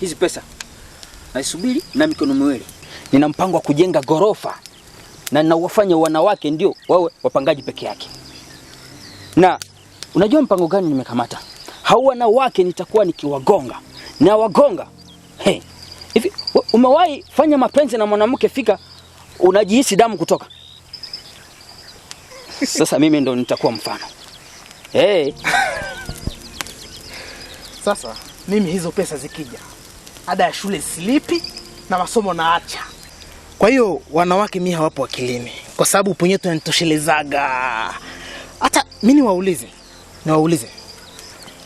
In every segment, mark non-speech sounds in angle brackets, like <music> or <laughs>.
hizi pesa naisubiri na mikono miwili. Nina mpango wa kujenga ghorofa na ninawafanya wanawake ndio wawe wapangaji peke yake. Na unajua mpango gani nimekamata? Hao wanawake nitakuwa nikiwagonga na wagonga. Hey, hivi umewahi fanya mapenzi na mwanamke fika unajihisi damu kutoka? Sasa mimi ndo nitakuwa mfano. Hey. <laughs> Sasa mimi hizo pesa zikija ada ya shule silipi na masomo naacha. Kwa hiyo wanawake mi hawapo akilini, kwa sababu penyewe tunanitoshelezaga. Hata mi niwaulize, niwaulize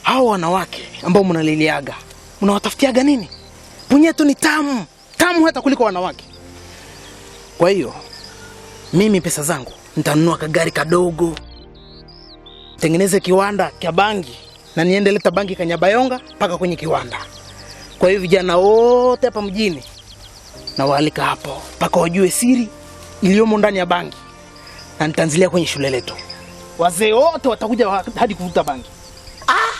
hao wanawake ambao mnaliliaga mnawatafutiaga nini? Punye tu ni tamu tamu hata kuliko wanawake. Kwa hiyo mimi pesa zangu nitanunua kagari kadogo, tengeneze kiwanda kya bangi na niende leta bangi Kanyabayonga mpaka kwenye kiwanda. Kwa hiyo vijana wote hapa mjini nawaalika hapo mpaka wajue siri iliyomo ndani ya bangi, na nitaanzilia kwenye shule letu. Wazee wote watakuja hadi kuvuta bangi. Ah!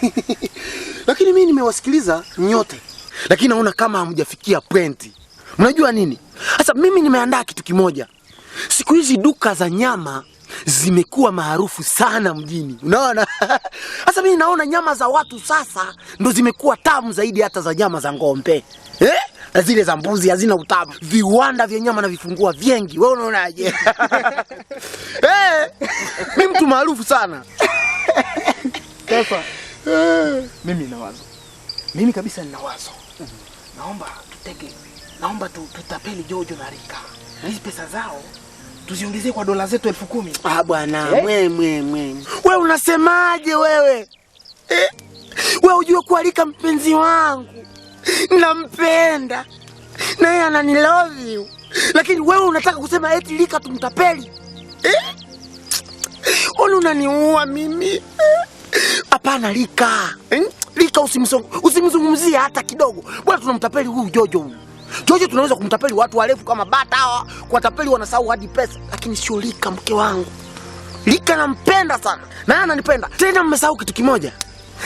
<laughs> Lakini mimi nimewasikiliza nyote, lakini naona kama hamjafikia pointi. Mnajua nini sasa? Mimi nimeandaa kitu kimoja. Siku hizi duka za nyama zimekuwa maarufu sana mjini, unaona <laughs> sasa. Mimi naona nyama za watu sasa ndo zimekuwa tamu zaidi hata za nyama za ng'ombe eh? Zile za mbuzi hazina utamu. Viwanda vya nyama na vifungua vingi, wewe unaonaje? <laughs> eh, mimi mtu maarufu sana sasa. <coughs> Mimi na wazo, mimi kabisa nina wazo. Naomba tutege, naomba tutapeli Jojo na Rika hizi pesa zao tuziongezee kwa dola zetu elfu kumi. Ah bwana eh? mwe mwe mwe, unasemaje wewe eh? Wewe ujue kualika mpenzi wangu, nampenda na yeye anani love you, lakini wewe unataka kusema eti lika tumtapeli eh? Ona unaniua mimi eh? hapana eh? Lika eh? Lika usimzungumzie hata kidogo bwana, tunamtapeli huyu Jojo huyu Jojo tunaweza kumtapeli watu warefu kama bata hawa, kuwatapeli wanasahau hadi pesa, lakini sio Lika mke wangu. Lika nampenda sana na ananipenda. Tena mmesahau kitu kimoja,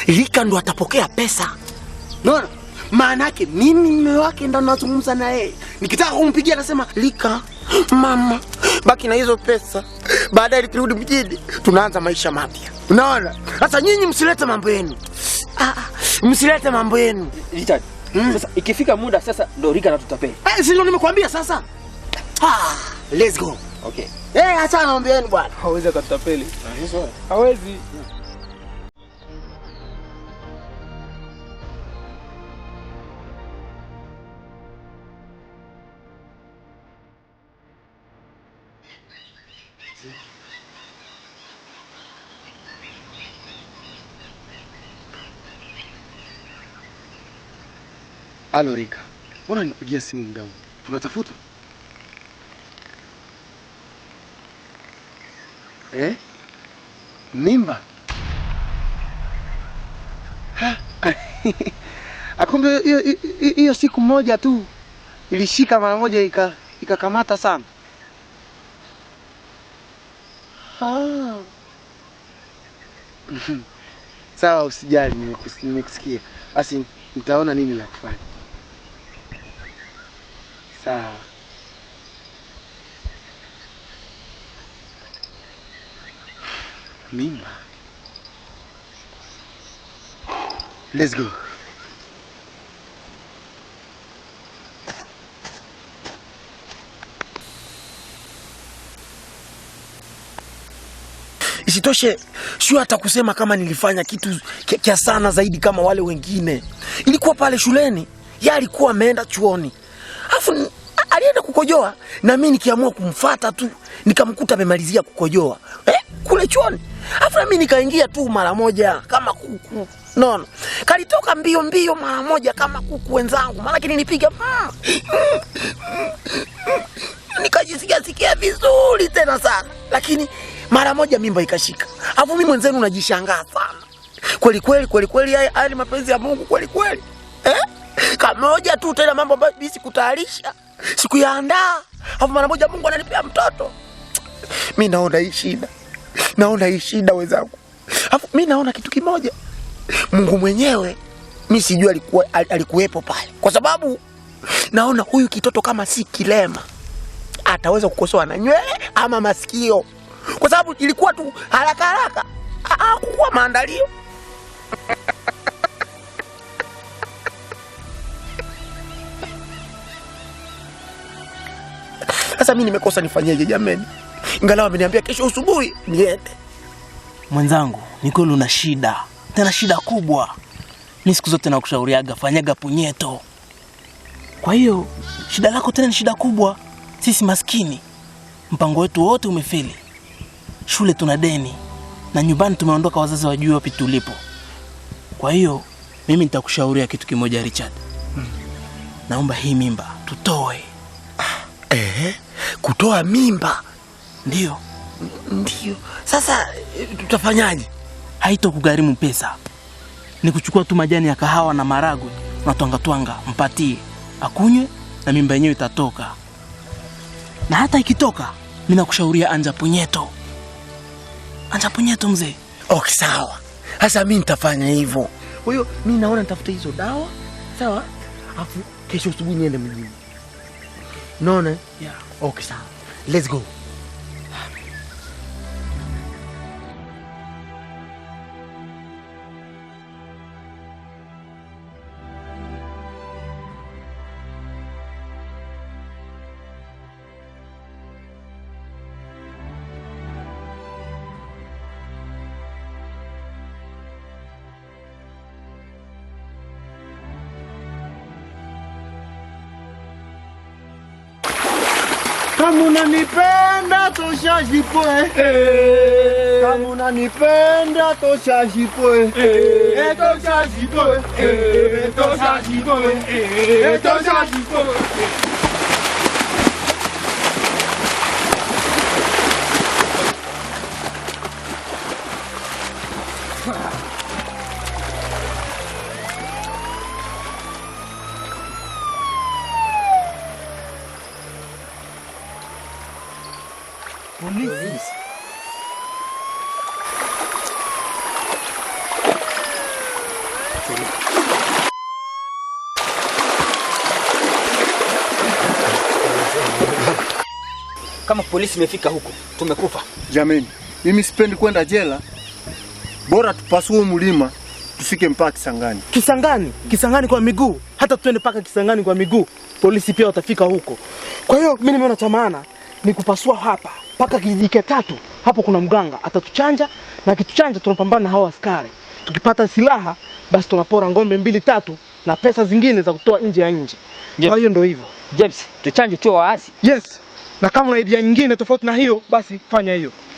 Lika ndo atapokea pesa. Unaona? Maana yake mimi mume wake ndo nazungumza na yeye. Nikitaka kumpigia nasema Lika, mama, baki na hizo pesa. Baadaye nikirudi mjini tunaanza maisha mapya. Unaona? Sasa nyinyi msilete mambo yenu. Ah, ah msilete mambo yenu. Richard, Mm. Sasa ikifika muda sasa ndo Rika natutapeli. Eh, si ndio nimekuambia sasa. Ah, let's go. Okay. Eh, acha naombeeni bwana. Hawezi katutapeli. Ah, Hawezi. Hmm. Alo Rika, mbona unanipigia simu muda huu? Unatafuta eh? Mimba? Akumbe <laughs> ah, hiyo siku moja tu ilishika mara moja ikakamata sana. <laughs> Sawa, usijali, nimekusikia. Basi nitaona nini la kufanya ah mimba. Let's go. Isitoshe, sio hata kusema kama nilifanya kitu kya sana zaidi kama wale wengine. Ilikuwa pale shuleni, yeye alikuwa ameenda chuoni, alafu alienda kukojoa, na mimi nikiamua kumfata tu nikamkuta amemalizia kukojoa eh, kule chuoni. Afu na mimi nikaingia tu mara moja kama kuku nona kalitoka mbio mbio mara moja kama kuku wenzangu, maanake nilipiga mmm, nikajisikia vizuri tena sana, lakini mara moja mimba ikashika. Afu mi mwenzenu najishangaa sana kweli kweli kweli kweli, haya ni mapenzi ya Mungu kweli kweli eh? Kamoja tu tena mambo ambayo bisi kutayarisha sikuyaandaa, alafu mara moja Mungu ananipea mtoto. Mi naona hii shida, naona hii shida wenzangu, alafu mi naona kitu kimoja, Mungu mwenyewe mi sijui alikuwepo pale, kwa sababu naona huyu kitoto kama si kilema ataweza kukosoa na nywele ama masikio, kwa sababu ilikuwa tu haraka haraka, hakukuwa maandalio. Sasa mimi nimekosa, nifanyeje jamani? ngalau ameniambia kesho asubuhi niende. Mwenzangu, ni kweli una shida, tena shida kubwa. Ni siku zote nakushauriaga fanyaga punyeto. Kwa hiyo shida lako tena ni shida kubwa. Sisi maskini, mpango wetu wote umefeli. Shule tuna deni na nyumbani tumeondoka, wazazi wajue wapi tulipo. Kwa hiyo mimi nitakushauria kitu kimoja Richard. Hmm. Naomba hii mimba tutoe kutoa mimba. Ndio, ndio. Sasa eh, tutafanyaje? Haitokugharimu pesa, ni kuchukua tu majani ya kahawa na maragwe na mpatie akunywe, na mimba yenyewe itatoka. Na hata ikitoka, mimi nakushauria anja punyeto, anja punyeto mzee. ok sawa. Sasa mimi nitafanya hivyo. Kwa hiyo mimi naona nitafuta hizo dawa, sawa, afu kesho asubuhi niende mjini. No, no. Yeah. Okay, sir. Let's go. Kama unanipenda tosha jipoe. Eh. Kama unanipenda tosha jipoe. Eh, tosha jipoe. Eh, tosha jipoe. Eh, tosha jipoe. Eh, Kama polisi imefika huko, tumekufa. Jamani, mimi sipendi kwenda jela. Bora tupasue mlima tufike mpaka Kisangani. Kisangani, Kisangani kwa miguu. Hata tuende mpaka Kisangani kwa miguu, polisi pia watafika huko. Kwa hiyo mimi nimeona cha maana ni kupasua hapa mpaka cha tatu hapo kuna mganga atatuchanja, na kituchanja tunapambana na hao askari. Tukipata silaha basi tunapora ng'ombe mbili tatu na pesa zingine za kutoa nje ya nje. Kwa hiyo ndio hivyo James, tuchanje tu waasi. Yes, na kama una idea nyingine tofauti na hiyo basi fanya hiyo.